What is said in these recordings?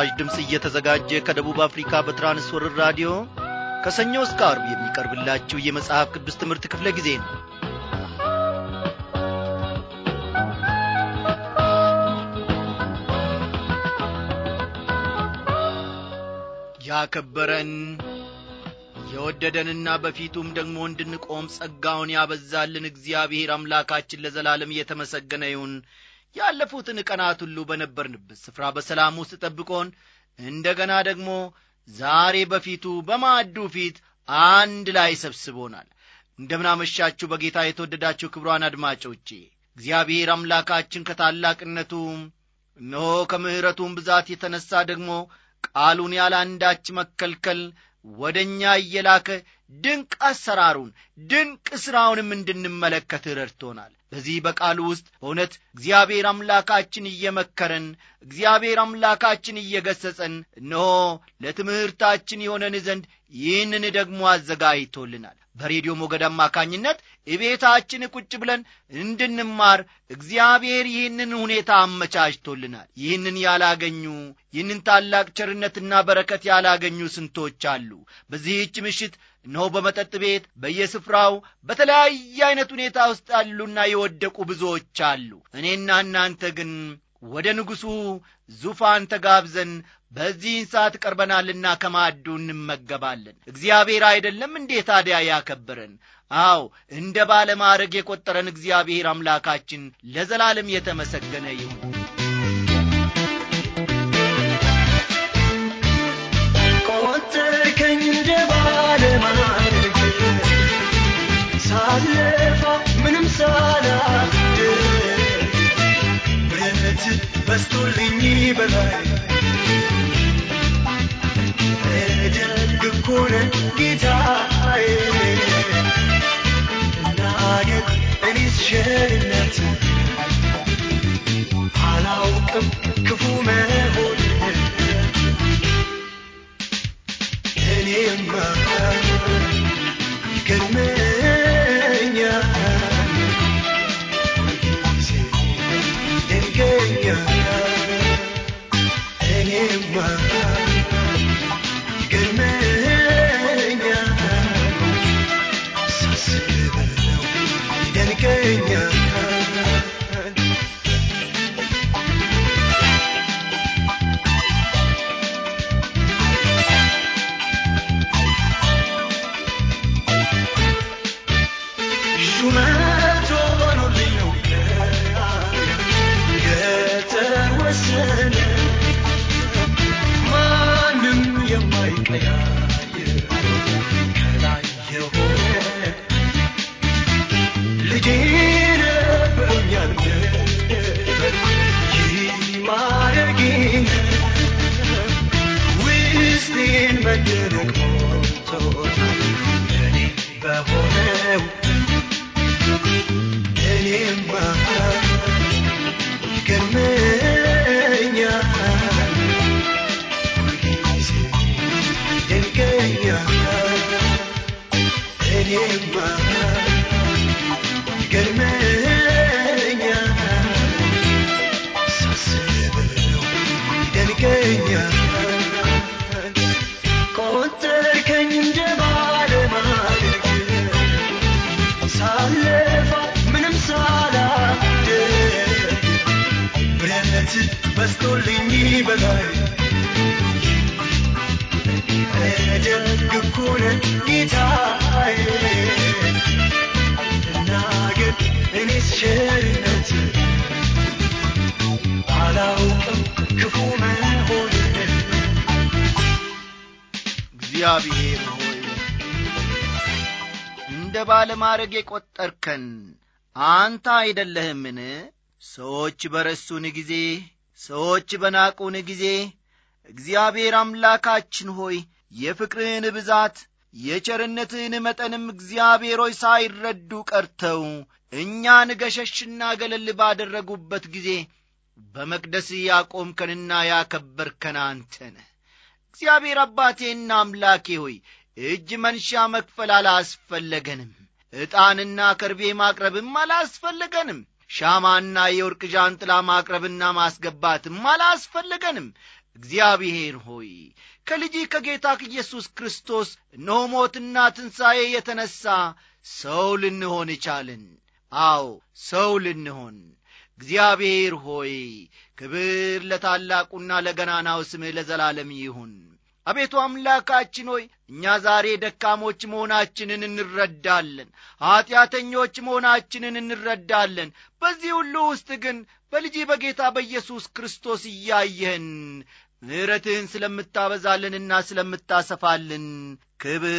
ለመስራች ድምፅ እየተዘጋጀ ከደቡብ አፍሪካ በትራንስወርር ራዲዮ ከሰኞ እስከ አርብ የሚቀርብላችሁ የመጽሐፍ ቅዱስ ትምህርት ክፍለ ጊዜ ነው ያከበረን የወደደንና በፊቱም ደግሞ እንድንቆም ጸጋውን ያበዛልን እግዚአብሔር አምላካችን ለዘላለም እየተመሰገነ ይሁን ያለፉትን ቀናት ሁሉ በነበርንበት ስፍራ በሰላም ውስጥ ጠብቆን እንደ ገና ደግሞ ዛሬ በፊቱ በማዕዱ ፊት አንድ ላይ ሰብስቦናል። እንደምናመሻችሁ በጌታ የተወደዳችሁ ክብሯን አድማጮቼ እግዚአብሔር አምላካችን ከታላቅነቱም እነሆ ከምሕረቱም ብዛት የተነሣ ደግሞ ቃሉን ያለ አንዳች መከልከል ወደ እኛ እየላከ ድንቅ አሰራሩን ድንቅ ሥራውንም እንድንመለከት ረድቶናል። በዚህ በቃሉ ውስጥ በእውነት እግዚአብሔር አምላካችን እየመከረን፣ እግዚአብሔር አምላካችን እየገሰጸን እነሆ ለትምህርታችን የሆነን ዘንድ ይህንን ደግሞ አዘጋጅቶልናል። በሬዲዮ ሞገድ አማካኝነት እቤታችን ቁጭ ብለን እንድንማር እግዚአብሔር ይህንን ሁኔታ አመቻችቶልናል። ይህንን ያላገኙ ይህንን ታላቅ ቸርነትና በረከት ያላገኙ ስንቶች አሉ። በዚህች ምሽት እነሆ በመጠጥ ቤት፣ በየስፍራው በተለያየ አይነት ሁኔታ ውስጥ ያሉና የወደቁ ብዙዎች አሉ። እኔና እናንተ ግን ወደ ንጉሡ ዙፋን ተጋብዘን በዚህን ሰዓት ቀርበናልና ከማዕዱ እንመገባለን። እግዚአብሔር አይደለም እንዴ ታዲያ ያከበረን? አዎ እንደ ባለ ማዕረግ የቈጠረን እግዚአብሔር አምላካችን ለዘላለም የተመሰገነ ይሁን። ሳለፋ ምንም ሳ انت بس تقوليني باي ደግኩነ ጌታዬ እናገር እኔስ ሸርነት አላውቅም ክፉ መሆን እኔማ ይገርመ him. እንደ ባለማድረግ የቈጠርከን አንተ አይደለህምን? ሰዎች በረሱን ጊዜ፣ ሰዎች በናቁን ጊዜ እግዚአብሔር አምላካችን ሆይ የፍቅርህን ብዛት የቸርነትህን መጠንም እግዚአብሔሮች ሳይረዱ ቀርተው እኛን ገሸሽና ገለል ባደረጉበት ጊዜ በመቅደስ ያቆምከንና ያከበርከን አንተነ እግዚአብሔር አባቴና አምላኬ ሆይ እጅ መንሻ መክፈል አላስፈለገንም። ዕጣንና ከርቤ ማቅረብም አላስፈለገንም። ሻማና የወርቅ ዣንጥላ ማቅረብና ማስገባትም አላስፈለገንም። እግዚአብሔር ሆይ ከልጅ ከጌታ ኢየሱስ ክርስቶስ እነሆ ሞትና ትንሣኤ የተነሣ ሰው ልንሆን ቻልን አዎ ሰው ልንሆን እግዚአብሔር ሆይ ክብር ለታላቁና ለገናናው ስምህ ለዘላለም ይሁን። አቤቱ አምላካችን ሆይ እኛ ዛሬ ደካሞች መሆናችንን እንረዳለን ኀጢአተኞች መሆናችንን እንረዳለን በዚህ ሁሉ ውስጥ ግን በልጅ በጌታ በኢየሱስ ክርስቶስ እያየህን ምሕረትህን ስለምታበዛልንና ስለምታሰፋልን ክብር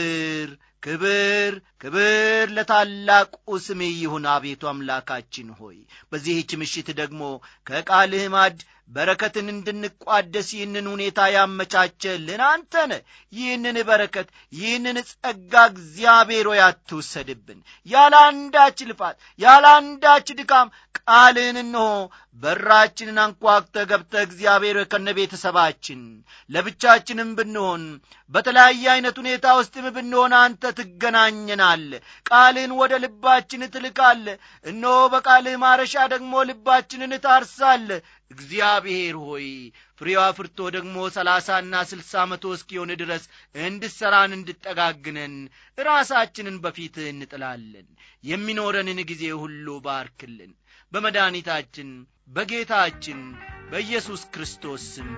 ክብር ክብር ለታላቁ ስሜ ይሁን አቤቱ አምላካችን ሆይ በዚህች ምሽት ደግሞ ከቃልህ ማድ በረከትን እንድንቋደስ ይህንን ሁኔታ ያመቻቸልን አንተነ ይህንን በረከት ይህንን ጸጋ እግዚአብሔሮ ያትውሰድብን ያለ አንዳች ልፋት ያለ አንዳች ድካም ቃልህን እንሆ በራችንን አንኳክተ ገብተ እግዚአብሔር ከነ ቤተሰባችን ለብቻችንም ብንሆን በተለያየ አይነት ሁኔታ ውስጥም ብንሆን አንተ ትገናኘናል። ቃልህን ወደ ልባችን ትልካለ። እነሆ በቃልህ ማረሻ ደግሞ ልባችንን ታርሳለ እግዚአብሔር እግዚአብሔር ሆይ ፍሬዋ ፍርቶ ደግሞ ሰላሳና ስልሳ መቶ እስኪሆን ድረስ እንድሠራን እንድጠጋግነን ራሳችንን በፊት እንጥላለን። የሚኖረንን ጊዜ ሁሉ ባርክልን። በመድኒታችን በጌታችን በኢየሱስ ክርስቶስ ስም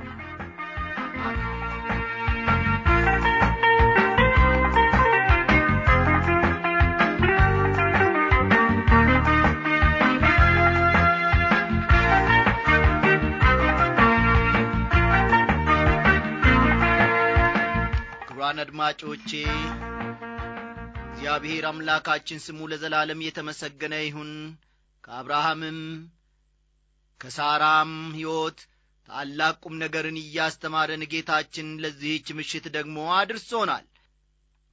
ክቡራን አድማጮቼ እግዚአብሔር አምላካችን ስሙ ለዘላለም የተመሰገነ ይሁን ከአብርሃምም ከሳራም ሕይወት ታላቅ ቁም ነገርን እያስተማረን ጌታችን ለዚህች ምሽት ደግሞ አድርሶናል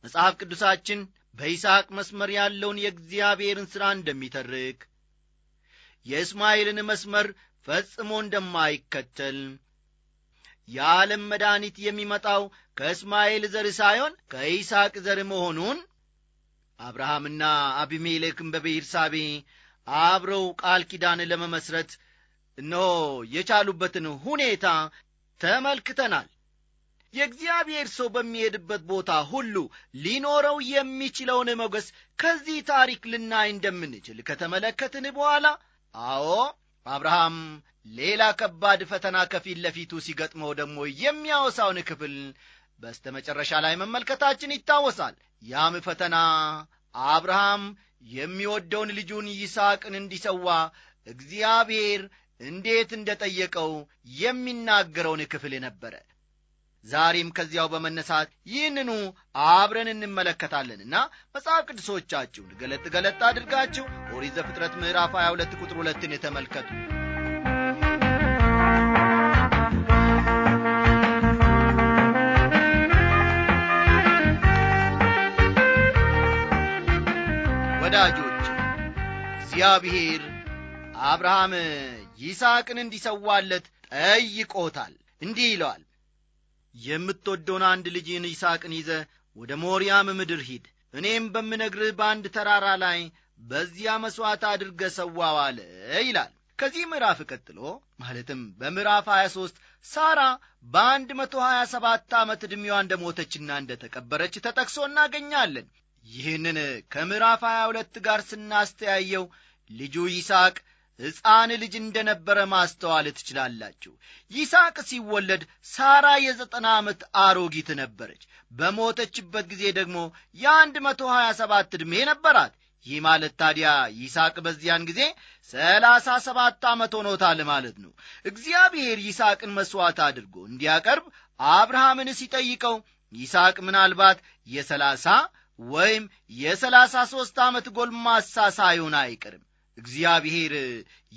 መጽሐፍ ቅዱሳችን በይስሐቅ መስመር ያለውን የእግዚአብሔርን ሥራ እንደሚተርክ የእስማኤልን መስመር ፈጽሞ እንደማይከተል የዓለም መድኃኒት የሚመጣው ከእስማኤል ዘር ሳይሆን ከይስሐቅ ዘር መሆኑን አብርሃምና አቢሜሌክም በብሔርሳቤ አብረው ቃል ኪዳን ለመመስረት እነሆ የቻሉበትን ሁኔታ ተመልክተናል። የእግዚአብሔር ሰው በሚሄድበት ቦታ ሁሉ ሊኖረው የሚችለውን መገስ ከዚህ ታሪክ ልናይ እንደምንችል ከተመለከትን በኋላ አዎ አብርሃም ሌላ ከባድ ፈተና ከፊት ለፊቱ ሲገጥመው ደግሞ የሚያወሳውን ክፍል በስተ መጨረሻ ላይ መመልከታችን ይታወሳል። ያም ፈተና አብርሃም የሚወደውን ልጁን ይስሐቅን እንዲሰዋ እግዚአብሔር እንዴት እንደ ጠየቀው የሚናገረውን ክፍል ነበረ። ዛሬም ከዚያው በመነሳት ይህንኑ አብረን እንመለከታለንና መጽሐፍ ቅዱሶቻችሁን ገለጥ ገለጥ አድርጋችሁ ኦሪት ዘፍጥረት ምዕራፍ 22 ቁጥር ሁለትን የተመልከቱ። ወዳጆች እግዚአብሔር አብርሃም ይስሐቅን እንዲሰዋለት ጠይቆታል እንዲህ ይለዋል የምትወደውን አንድ ልጅን ይስሐቅን ይዘ ወደ ሞሪያም ምድር ሂድ እኔም በምነግርህ በአንድ ተራራ ላይ በዚያ መሥዋዕት አድርገ ሰዋዋለ ይላል ከዚህ ምዕራፍ ቀጥሎ ማለትም በምዕራፍ 23 ሳራ በአንድ መቶ ሀያ ሰባት ዓመት ዕድሜዋ እንደ ሞተችና እንደ ተቀበረች ተጠቅሶ እናገኛለን ይህንን ከምዕራፍ 22 ጋር ስናስተያየው ልጁ ይስቅ ሕፃን ልጅ እንደነበረ ማስተዋል ትችላላችሁ። ይስቅ ሲወለድ ሳራ የዘጠና ዓመት አሮጊት ነበረች። በሞተችበት ጊዜ ደግሞ የአንድ መቶ ሀያ ሰባት ዕድሜ ነበራት። ይህ ማለት ታዲያ ይስቅ በዚያን ጊዜ ሰላሳ ሰባት ዓመት ሆኖታል ማለት ነው። እግዚአብሔር ይስቅን መሥዋዕት አድርጎ እንዲያቀርብ አብርሃምን ሲጠይቀው ይስቅ ምናልባት የሰላሳ ወይም የሰላሳ ሦስት ዓመት ጎልማሳ ሳይሆን አይቀርም እግዚአብሔር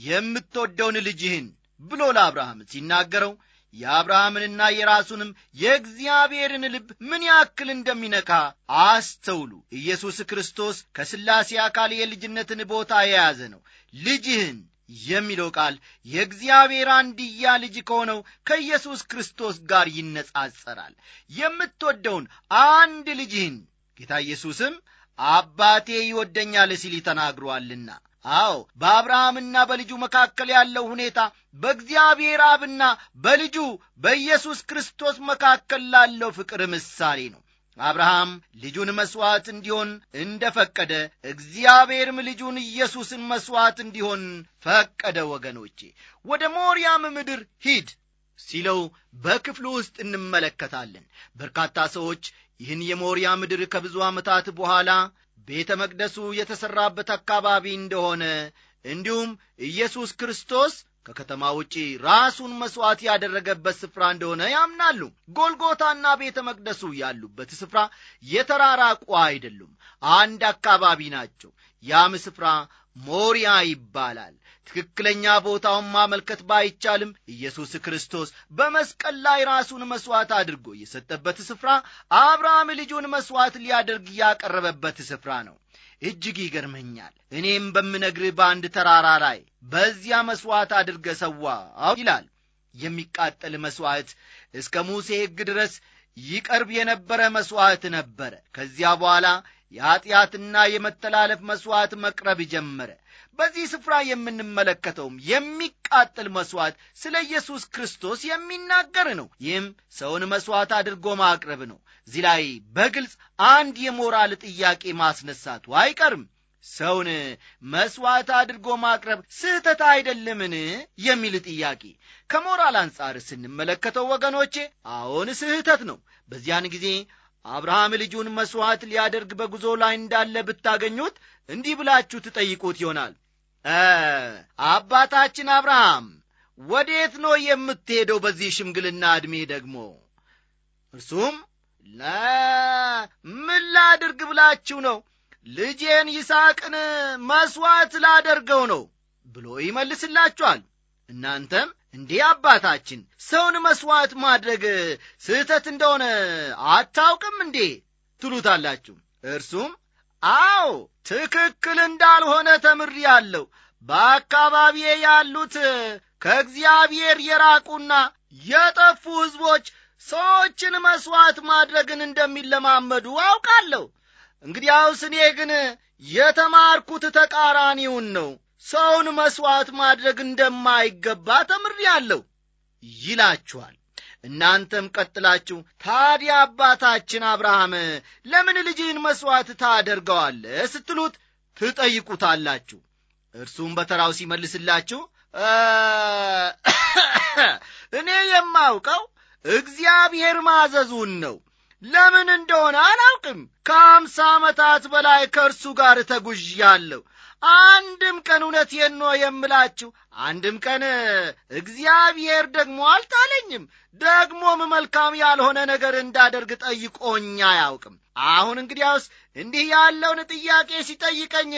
የምትወደውን ልጅህን ብሎ ለአብርሃም ሲናገረው የአብርሃምንና የራሱንም የእግዚአብሔርን ልብ ምን ያክል እንደሚነካ አስተውሉ። ኢየሱስ ክርስቶስ ከሥላሴ አካል የልጅነትን ቦታ የያዘ ነው። ልጅህን የሚለው ቃል የእግዚአብሔር አንድያ ልጅ ከሆነው ከኢየሱስ ክርስቶስ ጋር ይነጻጸራል። የምትወደውን አንድ ልጅህን ጌታ ኢየሱስም አባቴ ይወደኛል ሲል ተናግሯልና አዎ በአብርሃምና በልጁ መካከል ያለው ሁኔታ በእግዚአብሔር አብና በልጁ በኢየሱስ ክርስቶስ መካከል ላለው ፍቅር ምሳሌ ነው አብርሃም ልጁን መሥዋዕት እንዲሆን እንደ ፈቀደ እግዚአብሔርም ልጁን ኢየሱስን መሥዋዕት እንዲሆን ፈቀደ ወገኖቼ ወደ ሞርያም ምድር ሂድ ሲለው በክፍሉ ውስጥ እንመለከታለን በርካታ ሰዎች ይህን የሞሪያ ምድር ከብዙ ዓመታት በኋላ ቤተ መቅደሱ የተሠራበት አካባቢ እንደሆነ እንዲሁም ኢየሱስ ክርስቶስ ከከተማ ውጪ ራሱን መሥዋዕት ያደረገበት ስፍራ እንደሆነ ያምናሉ። ጎልጎታና ቤተ መቅደሱ ያሉበት ስፍራ የተራራቁ አይደሉም፣ አንድ አካባቢ ናቸው። ያም ስፍራ ሞሪያ ይባላል። ትክክለኛ ቦታውን ማመልከት ባይቻልም ኢየሱስ ክርስቶስ በመስቀል ላይ ራሱን መሥዋዕት አድርጎ የሰጠበት ስፍራ አብርሃም ልጁን መሥዋዕት ሊያደርግ ያቀረበበት ስፍራ ነው። እጅግ ይገርመኛል። እኔም በምነግርህ በአንድ ተራራ ላይ በዚያ መሥዋዕት አድርገ ሰዋው ይላል። የሚቃጠል መሥዋዕት እስከ ሙሴ ሕግ ድረስ ይቀርብ የነበረ መሥዋዕት ነበረ። ከዚያ በኋላ የኀጢአትና የመተላለፍ መሥዋዕት መቅረብ ጀመረ። በዚህ ስፍራ የምንመለከተውም የሚቃጠል መሥዋዕት ስለ ኢየሱስ ክርስቶስ የሚናገር ነው። ይህም ሰውን መሥዋዕት አድርጎ ማቅረብ ነው። እዚህ ላይ በግልጽ አንድ የሞራል ጥያቄ ማስነሳቱ አይቀርም። ሰውን መሥዋዕት አድርጎ ማቅረብ ስህተት አይደለምን? የሚል ጥያቄ ከሞራል አንጻር ስንመለከተው ወገኖቼ፣ አዎን ስህተት ነው። በዚያን ጊዜ አብርሃም ልጁን መሥዋዕት ሊያደርግ በጉዞ ላይ እንዳለ ብታገኙት እንዲህ ብላችሁ ትጠይቁት ይሆናል አባታችን አብርሃም ወዴት ነው የምትሄደው በዚህ ሽምግልና ዕድሜ ደግሞ? እርሱም ምን ላድርግ ብላችሁ ነው ልጄን ይስቅን መሥዋዕት ላደርገው ነው ብሎ ይመልስላችኋል። እናንተም እንዴ አባታችን ሰውን መሥዋዕት ማድረግ ስህተት እንደሆነ አታውቅም እንዴ? ትሉታላችሁ። እርሱም አዎ ትክክል እንዳልሆነ ተምሬአለሁ። በአካባቢዬ ያሉት ከእግዚአብሔር የራቁና የጠፉ ሕዝቦች ሰዎችን መሥዋዕት ማድረግን እንደሚለማመዱ አውቃለሁ። እንግዲያውስ እኔ ግን የተማርኩት ተቃራኒውን ነው፣ ሰውን መሥዋዕት ማድረግ እንደማይገባ ተምሬአለሁ ይላችኋል። እናንተም ቀጥላችሁ ታዲያ አባታችን አብርሃም ለምን ልጅህን መሥዋዕት ታደርገዋለ ስትሉት ትጠይቁታላችሁ። እርሱም በተራው ሲመልስላችሁ እኔ የማውቀው እግዚአብሔር ማዘዙን ነው። ለምን እንደሆነ አላውቅም። ከአምሳ ዓመታት በላይ ከእርሱ ጋር ተጉዣለሁ። አንድም ቀን እውነቴን ነው የምላችሁ፣ አንድም ቀን እግዚአብሔር ደግሞ አልጣለኝም፣ ደግሞም መልካም ያልሆነ ነገር እንዳደርግ ጠይቆኝ አያውቅም። አሁን እንግዲያውስ እንዲህ ያለውን ጥያቄ ሲጠይቀኝ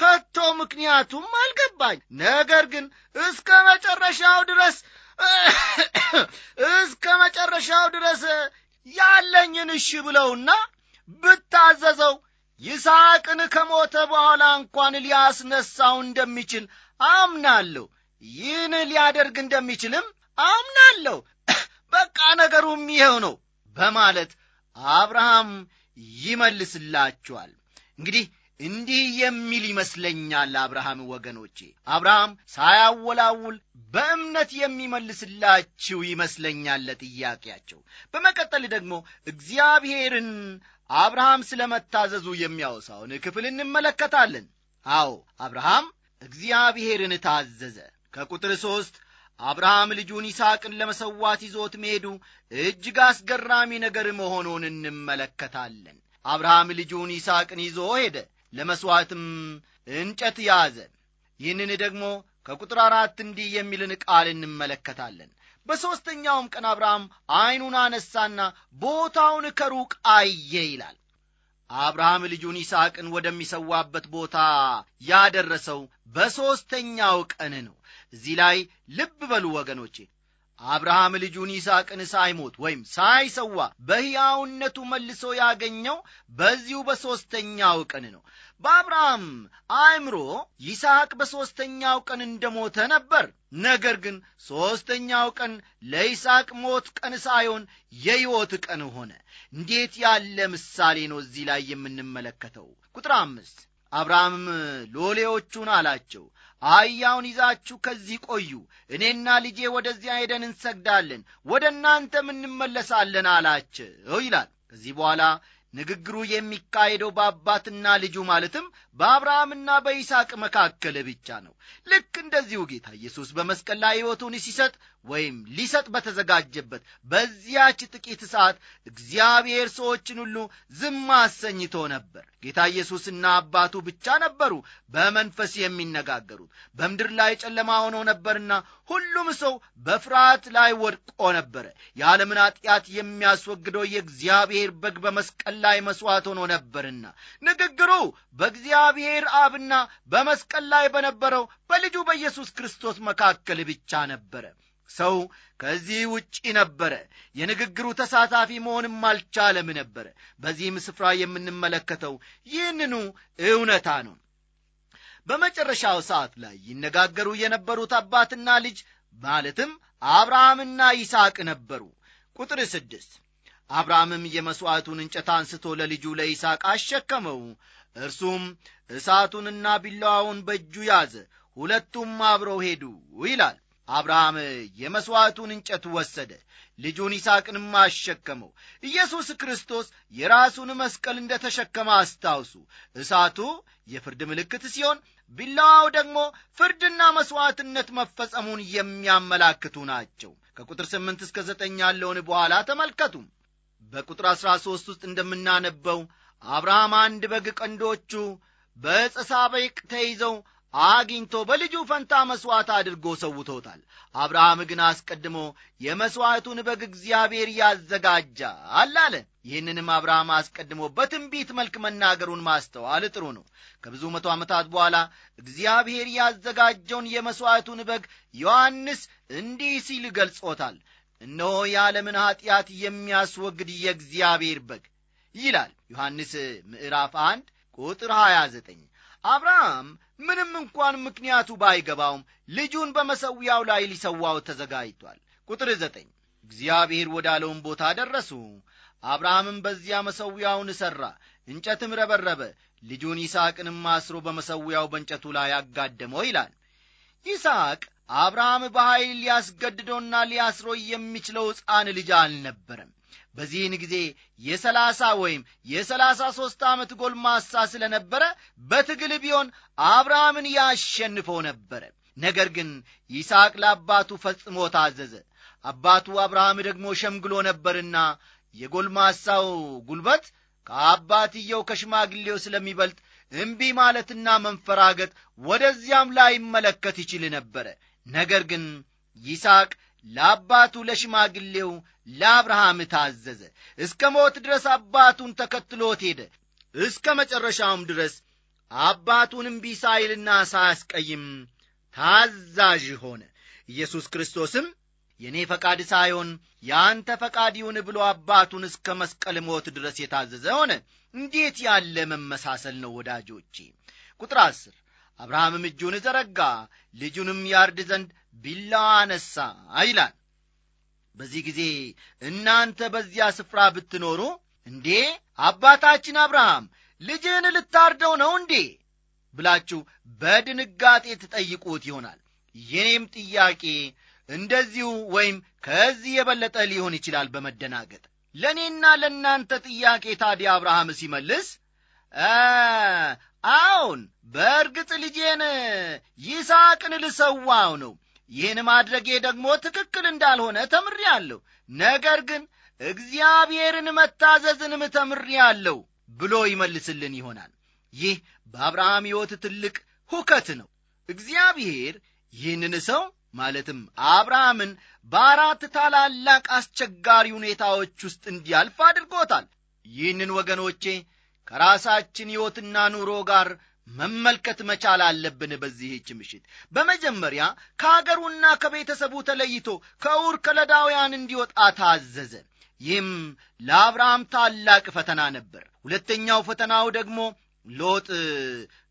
ከቶ ምክንያቱም አልገባኝ። ነገር ግን እስከ መጨረሻው ድረስ እስከ መጨረሻው ድረስ ያለኝን እሺ ብለውና ብታዘዘው ይስሐቅን ከሞተ በኋላ እንኳን ሊያስነሣው እንደሚችል አምናለሁ። ይህን ሊያደርግ እንደሚችልም አምናለሁ። በቃ ነገሩም ይኸው ነው በማለት አብርሃም ይመልስላችኋል። እንግዲህ እንዲህ የሚል ይመስለኛል አብርሃም ወገኖቼ፣ አብርሃም ሳያወላውል በእምነት የሚመልስላችሁ ይመስለኛል ለጥያቄያቸው። በመቀጠል ደግሞ እግዚአብሔርን አብርሃም ስለ መታዘዙ የሚያወሳውን ክፍል እንመለከታለን። አዎ አብርሃም እግዚአብሔርን ታዘዘ። ከቁጥር ሦስት አብርሃም ልጁን ይስቅን ለመሰዋት ይዞት መሄዱ እጅግ አስገራሚ ነገር መሆኑን እንመለከታለን። አብርሃም ልጁን ይስቅን ይዞ ሄደ፣ ለመሥዋዕትም እንጨት ያዘ። ይህንን ደግሞ ከቁጥር አራት እንዲህ የሚልን ቃል እንመለከታለን በሦስተኛውም ቀን አብርሃም ዐይኑን አነሳና ቦታውን ከሩቅ አየ ይላል። አብርሃም ልጁን ይስሐቅን ወደሚሰዋበት ቦታ ያደረሰው በሦስተኛው ቀን ነው። እዚህ ላይ ልብ በሉ ወገኖቼ፣ አብርሃም ልጁን ይስሐቅን ሳይሞት ወይም ሳይሰዋ በሕያውነቱ መልሶ ያገኘው በዚሁ በሦስተኛው ቀን ነው። በአብርሃም አእምሮ ይስሐቅ በሦስተኛው ቀን እንደሞተ ነበር። ነገር ግን ሦስተኛው ቀን ለይስሐቅ ሞት ቀን ሳይሆን የሕይወት ቀን ሆነ። እንዴት ያለ ምሳሌ ነው እዚህ ላይ የምንመለከተው! ቁጥር አምስት አብርሃምም ሎሌዎቹን አላቸው አህያውን ይዛችሁ ከዚህ ቆዩ፣ እኔና ልጄ ወደዚያ ሄደን እንሰግዳለን፣ ወደ እናንተም እንመለሳለን አላቸው ይላል። ከዚህ በኋላ ንግግሩ የሚካሄደው በአባትና ልጁ ማለትም በአብርሃምና በይስሐቅ መካከል ብቻ ነው። ልክ እንደዚሁ ጌታ ኢየሱስ በመስቀል ላይ ሕይወቱን ሲሰጥ ወይም ሊሰጥ በተዘጋጀበት በዚያች ጥቂት ሰዓት እግዚአብሔር ሰዎችን ሁሉ ዝም አሰኝቶ ነበር። ጌታ ኢየሱስና አባቱ ብቻ ነበሩ በመንፈስ የሚነጋገሩት። በምድር ላይ ጨለማ ሆኖ ነበርና ሁሉም ሰው በፍርሃት ላይ ወድቆ ነበረ። የዓለምን ኃጢአት የሚያስወግደው የእግዚአብሔር በግ በመስቀል ላይ መሥዋዕት ሆኖ ነበርና ንግግሩ በእግዚአ በእግዚአብሔር አብና በመስቀል ላይ በነበረው በልጁ በኢየሱስ ክርስቶስ መካከል ብቻ ነበረ። ሰው ከዚህ ውጪ ነበረ። የንግግሩ ተሳታፊ መሆንም አልቻለም ነበረ። በዚህም ስፍራ የምንመለከተው ይህንኑ እውነታ ነው። በመጨረሻው ሰዓት ላይ ይነጋገሩ የነበሩት አባትና ልጅ ማለትም አብርሃምና ይስቅ ነበሩ። ቁጥር ስድስት አብርሃምም የመሥዋዕቱን እንጨት አንስቶ ለልጁ ለይስቅ አሸከመው፣ እርሱም እሳቱንና ቢላዋውን በእጁ ያዘ፣ ሁለቱም አብረው ሄዱ ይላል። አብርሃም የመሥዋዕቱን እንጨት ወሰደ፣ ልጁን ይስሐቅንም አሸከመው። ኢየሱስ ክርስቶስ የራሱን መስቀል እንደ ተሸከመ አስታውሱ። እሳቱ የፍርድ ምልክት ሲሆን፣ ቢላዋው ደግሞ ፍርድና መሥዋዕትነት መፈጸሙን የሚያመላክቱ ናቸው። ከቁጥር ስምንት እስከ ዘጠኝ ያለውን በኋላ ተመልከቱ። በቁጥር አሥራ ሦስት ውስጥ እንደምናነበው አብርሃም አንድ በግ ቀንዶቹ በዕፀ ሳቤቅ ተይዘው አግኝቶ በልጁ ፈንታ መሥዋዕት አድርጎ ሰውቶታል። አብርሃም ግን አስቀድሞ የመሥዋዕቱን በግ እግዚአብሔር ያዘጋጃል አለ። ይህንንም አብርሃም አስቀድሞ በትንቢት መልክ መናገሩን ማስተዋል ጥሩ ነው። ከብዙ መቶ ዓመታት በኋላ እግዚአብሔር ያዘጋጀውን የመሥዋዕቱን በግ ዮሐንስ እንዲህ ሲል ገልጾታል። እነሆ የዓለምን ኀጢአት የሚያስወግድ የእግዚአብሔር በግ ይላል ዮሐንስ ምዕራፍ 1 ቁጥር 29 አብርሃም ምንም እንኳን ምክንያቱ ባይገባውም ልጁን በመሠዊያው ላይ ሊሰዋው ተዘጋጅቷል። ቁጥር 9 እግዚአብሔር ወዳለውን ቦታ ደረሱ። አብርሃምም በዚያ መሠዊያውን እሠራ እንጨትም ረበረበ፣ ልጁን ይስሐቅንም አስሮ በመሠዊያው በእንጨቱ ላይ አጋደመው ይላል። ይስሐቅ አብርሃም በኃይል ሊያስገድደውና ሊያስሮ የሚችለው ሕፃን ልጅ አልነበረም። በዚህን ጊዜ የሰላሳ ወይም የሰላሳ ሦስት ዓመት ጎልማሳ ስለ ነበረ በትግል ቢሆን አብርሃምን ያሸንፈው ነበረ። ነገር ግን ይስሐቅ ለአባቱ ፈጽሞ ታዘዘ። አባቱ አብርሃም ደግሞ ሸምግሎ ነበርና የጎልማሳው ጉልበት ከአባትየው ከሽማግሌው ስለሚበልጥ እምቢ ማለትና መንፈራገጥ ወደዚያም ላይ ይመለከት ይችል ነበረ። ነገር ግን ይስቅ ለአባቱ ለሽማግሌው ለአብርሃም ታዘዘ። እስከ ሞት ድረስ አባቱን ተከትሎት ሄደ። እስከ መጨረሻውም ድረስ አባቱን እምቢ ሳይልና ሳያስቀይም ታዛዥ ሆነ። ኢየሱስ ክርስቶስም የእኔ ፈቃድ ሳይሆን የአንተ ፈቃድ ይሁን ብሎ አባቱን እስከ መስቀል ሞት ድረስ የታዘዘ ሆነ። እንዴት ያለ መመሳሰል ነው ወዳጆቼ! ቁጥር አስር አብርሃምም እጁን ዘረጋ ልጁንም ያርድ ዘንድ ቢላዋ አነሳ ይላል። በዚህ ጊዜ እናንተ በዚያ ስፍራ ብትኖሩ እንዴ አባታችን አብርሃም ልጅህን ልታርደው ነው እንዴ ብላችሁ በድንጋጤ ትጠይቁት ይሆናል። የኔም ጥያቄ እንደዚሁ ወይም ከዚህ የበለጠ ሊሆን ይችላል በመደናገጥ ለእኔና ለእናንተ ጥያቄ ታዲያ አብርሃም ሲመልስ አዎን፣ በእርግጥ ልጄን ይስሐቅን ልሰዋው ነው ይህን ማድረጌ ደግሞ ትክክል እንዳልሆነ ተምሬአለሁ። ነገር ግን እግዚአብሔርን መታዘዝንም ተምሬአለሁ ብሎ ይመልስልን ይሆናል። ይህ በአብርሃም ሕይወት ትልቅ ሁከት ነው። እግዚአብሔር ይህንን ሰው ማለትም አብርሃምን በአራት ታላላቅ አስቸጋሪ ሁኔታዎች ውስጥ እንዲያልፍ አድርጎታል። ይህንን ወገኖቼ ከራሳችን ሕይወትና ኑሮ ጋር መመልከት መቻል አለብን። በዚህች ምሽት በመጀመሪያ ከአገሩና ከቤተሰቡ ተለይቶ ከዑር ከለዳውያን እንዲወጣ ታዘዘ። ይህም ለአብርሃም ታላቅ ፈተና ነበር። ሁለተኛው ፈተናው ደግሞ ሎጥ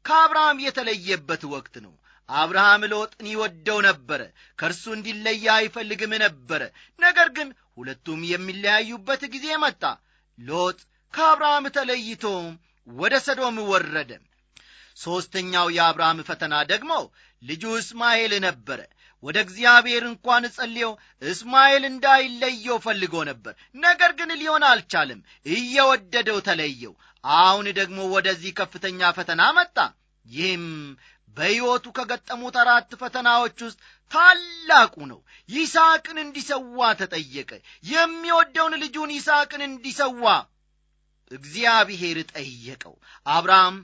ከአብርሃም የተለየበት ወቅት ነው። አብርሃም ሎጥን ይወደው ነበረ፣ ከእርሱ እንዲለየ አይፈልግም ነበረ። ነገር ግን ሁለቱም የሚለያዩበት ጊዜ መጣ። ሎጥ ከአብርሃም ተለይቶ ወደ ሰዶም ወረደ። ሦስተኛው የአብርሃም ፈተና ደግሞ ልጁ እስማኤል ነበረ። ወደ እግዚአብሔር እንኳን ጸልየው እስማኤል እንዳይለየው ፈልጎ ነበር። ነገር ግን ሊሆን አልቻለም። እየወደደው ተለየው። አሁን ደግሞ ወደዚህ ከፍተኛ ፈተና መጣ። ይህም በሕይወቱ ከገጠሙት አራት ፈተናዎች ውስጥ ታላቁ ነው። ይስሐቅን እንዲሰዋ ተጠየቀ። የሚወደውን ልጁን ይስሐቅን እንዲሰዋ እግዚአብሔር ጠየቀው። አብርሃም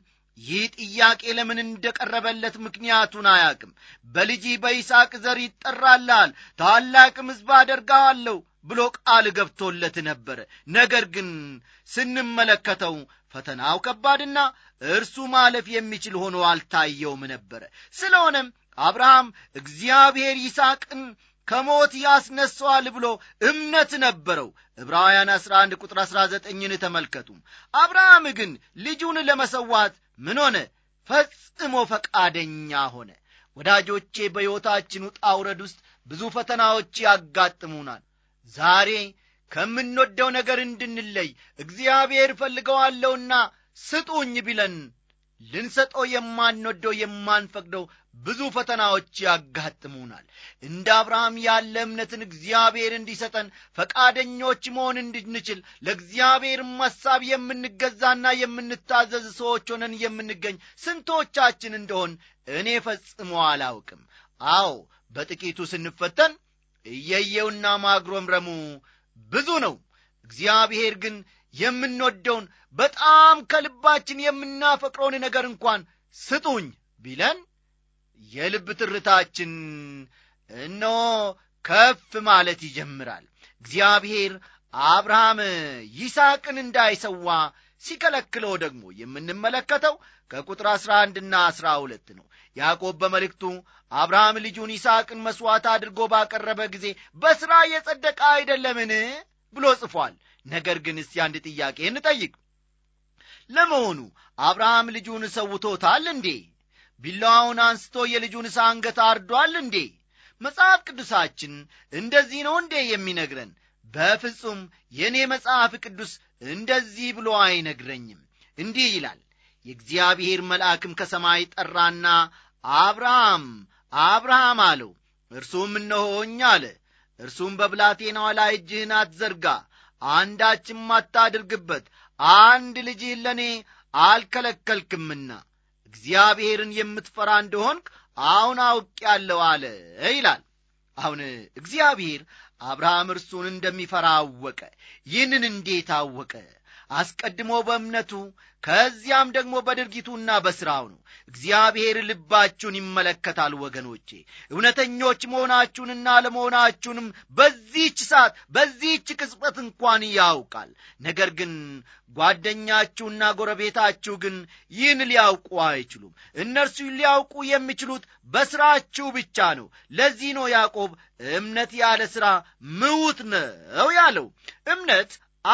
ይህ ጥያቄ ለምን እንደቀረበለት ምክንያቱን አያቅም። በልጅ በይስቅ ዘር ይጠራላል ታላቅም ሕዝብ አደርግሃለሁ ብሎ ቃል ገብቶለት ነበረ። ነገር ግን ስንመለከተው ፈተናው ከባድና እርሱ ማለፍ የሚችል ሆኖ አልታየውም ነበረ። ስለሆነም አብርሃም እግዚአብሔር ይስቅን ከሞት ያስነሰዋል ብሎ እምነት ነበረው። ዕብራውያን 11 ቁጥር 19ን ተመልከቱ። አብርሃም ግን ልጁን ለመሰዋት ምን ሆነ? ፈጽሞ ፈቃደኛ ሆነ። ወዳጆቼ በሕይወታችን ውጣ ውረድ ውስጥ ብዙ ፈተናዎች ያጋጥሙናል። ዛሬ ከምንወደው ነገር እንድንለይ እግዚአብሔር ፈልገዋለውና ስጡኝ ቢለን ልንሰጠው የማንወደው የማንፈቅደው ብዙ ፈተናዎች ያጋጥሙናል። እንደ አብርሃም ያለ እምነትን እግዚአብሔር እንዲሰጠን ፈቃደኞች መሆን እንድንችል ለእግዚአብሔር ሐሳብ የምንገዛና የምንታዘዝ ሰዎች ሆነን የምንገኝ ስንቶቻችን እንደሆን እኔ ፈጽሞ አላውቅም። አዎ በጥቂቱ ስንፈተን እየየውና ማግሮምረሙ ብዙ ነው። እግዚአብሔር ግን የምንወደውን በጣም ከልባችን የምናፈቅረውን ነገር እንኳን ስጡኝ ቢለን የልብ ትርታችን እኖ ከፍ ማለት ይጀምራል እግዚአብሔር አብርሃም ይስቅን እንዳይሰዋ ሲከለክለው ደግሞ የምንመለከተው ከቁጥር አሥራ አንድና አሥራ ሁለት ነው ያዕቆብ በመልእክቱ አብርሃም ልጁን ይስቅን መሥዋዕት አድርጎ ባቀረበ ጊዜ በሥራ የጸደቀ አይደለምን ብሎ ጽፏል ነገር ግን እስቲ አንድ ጥያቄ እንጠይቅ። ለመሆኑ አብርሃም ልጁን ሰውቶታል እንዴ? ቢላዋውን አንስቶ የልጁን አንገት አርዷል እንዴ? መጽሐፍ ቅዱሳችን እንደዚህ ነው እንዴ የሚነግረን? በፍጹም የእኔ መጽሐፍ ቅዱስ እንደዚህ ብሎ አይነግረኝም። እንዲህ ይላል፣ የእግዚአብሔር መልአክም ከሰማይ ጠራና አብርሃም አብርሃም አለው። እርሱም እነሆኝ አለ። እርሱም በብላቴናዋ ላይ እጅህን አትዘርጋ አንዳችም አታድርግበት፣ አንድ ልጅህን ለእኔ አልከለከልክምና እግዚአብሔርን የምትፈራ እንደሆንክ አሁን አውቄአለሁ አለ ይላል። አሁን እግዚአብሔር አብርሃም እርሱን እንደሚፈራ አወቀ። ይህንን እንዴት አወቀ አስቀድሞ በእምነቱ ከዚያም ደግሞ በድርጊቱና በሥራው ነው። እግዚአብሔር ልባችሁን ይመለከታል። ወገኖቼ እውነተኞች መሆናችሁንና ለመሆናችሁንም በዚህች ሰዓት በዚህች ቅጽበት እንኳን ያውቃል። ነገር ግን ጓደኛችሁና ጎረቤታችሁ ግን ይህን ሊያውቁ አይችሉም። እነርሱ ሊያውቁ የሚችሉት በሥራችሁ ብቻ ነው። ለዚህ ነው ያዕቆብ እምነት ያለ ሥራ ምውት ነው ያለው። እምነት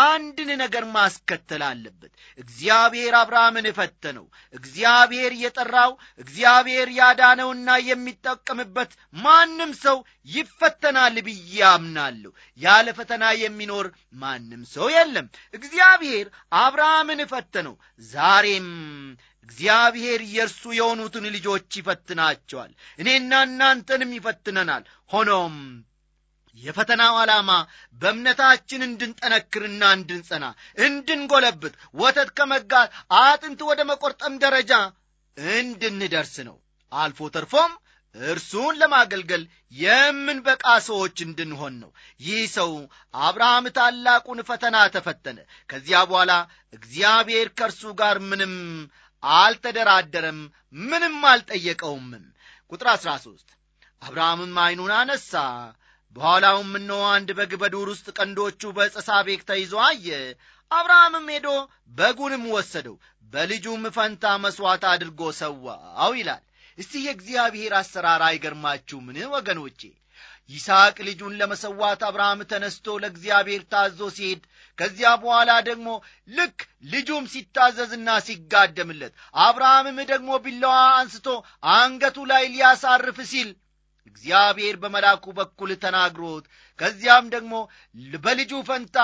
አንድን ነገር ማስከተል አለበት። እግዚአብሔር አብርሃምን እፈተነው። እግዚአብሔር የጠራው እግዚአብሔር ያዳነውና የሚጠቀምበት ማንም ሰው ይፈተናል ብዬ አምናለሁ። ያለ ፈተና የሚኖር ማንም ሰው የለም። እግዚአብሔር አብርሃምን እፈተነው። ዛሬም እግዚአብሔር የእርሱ የሆኑትን ልጆች ይፈትናቸዋል። እኔና እናንተንም ይፈትነናል። ሆኖም የፈተናው ዓላማ በእምነታችን እንድንጠነክርና እንድንጸና እንድንጎለብት ወተት ከመጋት አጥንት ወደ መቆርጠም ደረጃ እንድንደርስ ነው አልፎ ተርፎም እርሱን ለማገልገል የምንበቃ ሰዎች እንድንሆን ነው ይህ ሰው አብርሃም ታላቁን ፈተና ተፈተነ ከዚያ በኋላ እግዚአብሔር ከእርሱ ጋር ምንም አልተደራደረም ምንም አልጠየቀውምም ቁጥር 13 አብርሃምም ዐይኑን አነሣ በኋላውም እነሆ አንድ በግ በዱር ውስጥ ቀንዶቹ በዕፀ ቤክ ተይዞ አየ። አብርሃምም ሄዶ በጉንም ወሰደው፣ በልጁም ፈንታ መሥዋዕት አድርጎ ሰዋው ይላል። እስቲ የእግዚአብሔር አሰራር አይገርማችሁምን ወገኖቼ? ይስሐቅ ልጁን ለመሰዋት አብርሃም ተነስቶ ለእግዚአብሔር ታዞ ሲሄድ ከዚያ በኋላ ደግሞ ልክ ልጁም ሲታዘዝና ሲጋደምለት አብርሃምም ደግሞ ቢላዋ አንስቶ አንገቱ ላይ ሊያሳርፍ ሲል እግዚአብሔር በመልአኩ በኩል ተናግሮት ከዚያም ደግሞ በልጁ ፈንታ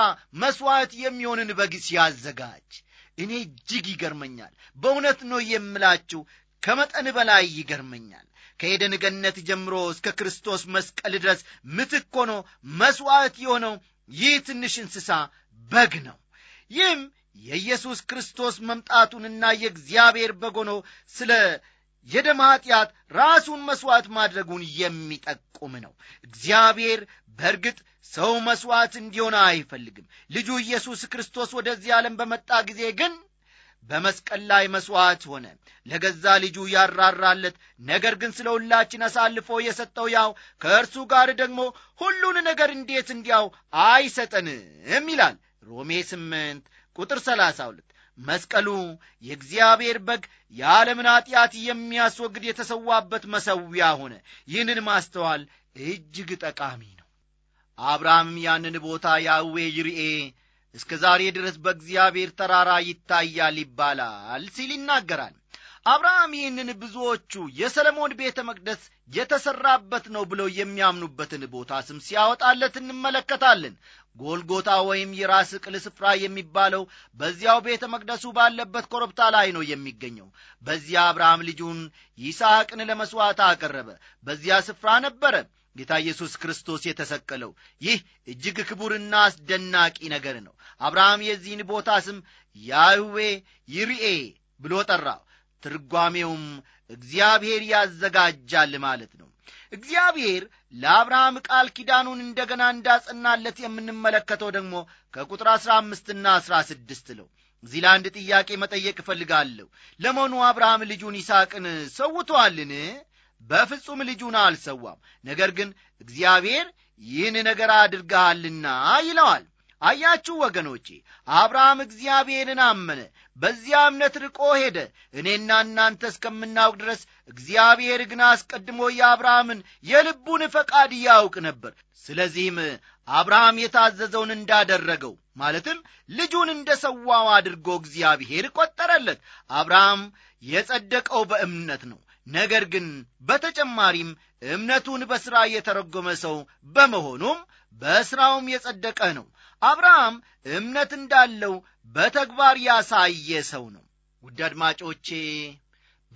መሥዋዕት የሚሆንን በግ ሲያዘጋጅ እኔ እጅግ ይገርመኛል። በእውነት ነው የምላችሁ ከመጠን በላይ ይገርመኛል። ከኤደን ገነት ጀምሮ እስከ ክርስቶስ መስቀል ድረስ ምትክ ሆኖ መሥዋዕት የሆነው ይህ ትንሽ እንስሳ በግ ነው። ይህም የኢየሱስ ክርስቶስ መምጣቱንና የእግዚአብሔር በጎኖ ስለ የደም ኃጢአት ራሱን መሥዋዕት ማድረጉን የሚጠቁም ነው። እግዚአብሔር በእርግጥ ሰው መሥዋዕት እንዲሆን አይፈልግም። ልጁ ኢየሱስ ክርስቶስ ወደዚህ ዓለም በመጣ ጊዜ ግን በመስቀል ላይ መሥዋዕት ሆነ። ለገዛ ልጁ ያራራለት፣ ነገር ግን ስለ ሁላችን አሳልፎ የሰጠው ያው ከእርሱ ጋር ደግሞ ሁሉን ነገር እንዴት እንዲያው አይሰጠንም ይላል ሮሜ 8 ቁጥር 32 መስቀሉ የእግዚአብሔር በግ የዓለምን ኀጢአት የሚያስወግድ የተሰዋበት መሠዊያ ሆነ። ይህንን ማስተዋል እጅግ ጠቃሚ ነው። አብርሃም ያንን ቦታ ያዌ ይርኤ እስከ ዛሬ ድረስ በእግዚአብሔር ተራራ ይታያል ይባላል ሲል ይናገራል። አብርሃም ይህንን ብዙዎቹ የሰለሞን ቤተ መቅደስ የተሠራበት ነው ብለው የሚያምኑበትን ቦታ ስም ሲያወጣለት እንመለከታለን። ጎልጎታ ወይም የራስ ቅል ስፍራ የሚባለው በዚያው ቤተ መቅደሱ ባለበት ኮረብታ ላይ ነው የሚገኘው። በዚያ አብርሃም ልጁን ይስሐቅን ለመሥዋዕት አቀረበ። በዚያ ስፍራ ነበረ ጌታ ኢየሱስ ክርስቶስ የተሰቀለው። ይህ እጅግ ክቡርና አስደናቂ ነገር ነው። አብርሃም የዚህን ቦታ ስም ያህዌ ይርኤ ብሎ ጠራው። ትርጓሜውም እግዚአብሔር ያዘጋጃል ማለት ነው። እግዚአብሔር ለአብርሃም ቃል ኪዳኑን እንደገና እንዳጸናለት የምንመለከተው ደግሞ ከቁጥር አሥራ አምስትና አሥራ ስድስት ነው። እዚህ ለአንድ ጥያቄ መጠየቅ እፈልጋለሁ። ለመሆኑ አብርሃም ልጁን ይስሐቅን ሰውቶአልን? በፍጹም ልጁን አልሰዋም። ነገር ግን እግዚአብሔር ይህን ነገር አድርገሃልና ይለዋል። አያችሁ ወገኖቼ፣ አብርሃም እግዚአብሔርን አመነ፣ በዚያ እምነት ርቆ ሄደ። እኔና እናንተ እስከምናውቅ ድረስ እግዚአብሔር ግን አስቀድሞ የአብርሃምን የልቡን ፈቃድ ያውቅ ነበር። ስለዚህም አብርሃም የታዘዘውን እንዳደረገው ማለትም ልጁን እንደ ሰዋው አድርጎ እግዚአብሔር እቆጠረለት አብርሃም የጸደቀው በእምነት ነው። ነገር ግን በተጨማሪም እምነቱን በሥራ የተረጎመ ሰው በመሆኑም በሥራውም የጸደቀ ነው። አብርሃም እምነት እንዳለው በተግባር ያሳየ ሰው ነው። ውድ አድማጮቼ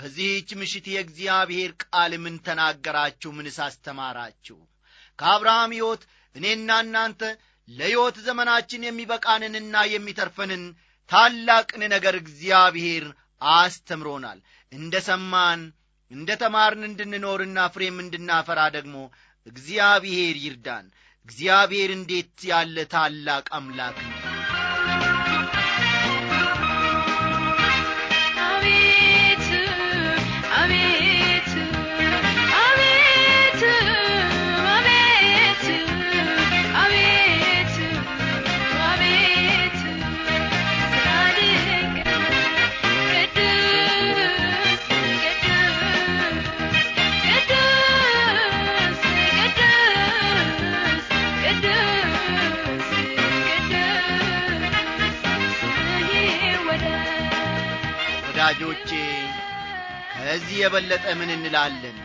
በዚህች ምሽት የእግዚአብሔር ቃል ምን ተናገራችሁ? ምንስ አስተማራችሁ? ከአብርሃም ሕይወት እኔና እናንተ ለሕይወት ዘመናችን የሚበቃንንና የሚተርፈንን ታላቅን ነገር እግዚአብሔር አስተምሮናል። እንደ ሰማን እንደ ተማርን እንድንኖርና ፍሬም እንድናፈራ ደግሞ እግዚአብሔር ይርዳን። እግዚአብሔር እንዴት ያለ ታላቅ አምላክ ነው! ወዳጆቼ ከዚህ የበለጠ ምን እንላለን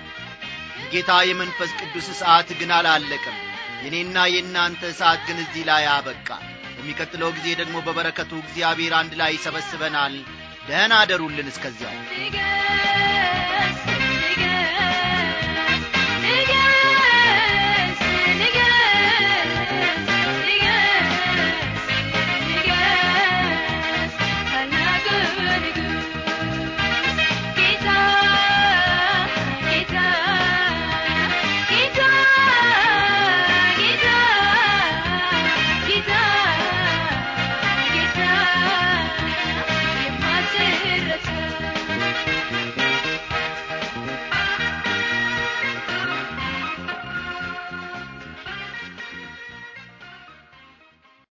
ጌታ የመንፈስ ቅዱስ ሰዓት ግን አላለቀም የኔና የእናንተ ሰዓት ግን እዚህ ላይ አበቃ በሚቀጥለው ጊዜ ደግሞ በበረከቱ እግዚአብሔር አንድ ላይ ይሰበስበናል ደህና አደሩልን እስከዚያ